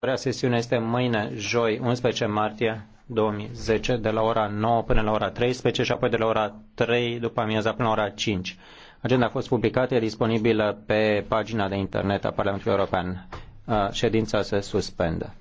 Următoarea sesiune este mâine, joi, 11 martie 2010, de la ora 9 până la ora 13 și apoi de la ora 3 după amiaza până la ora 5. Agenda a fost publicată, e disponibilă pe pagina de internet a Parlamentului European. Uh, ședința se suspendă.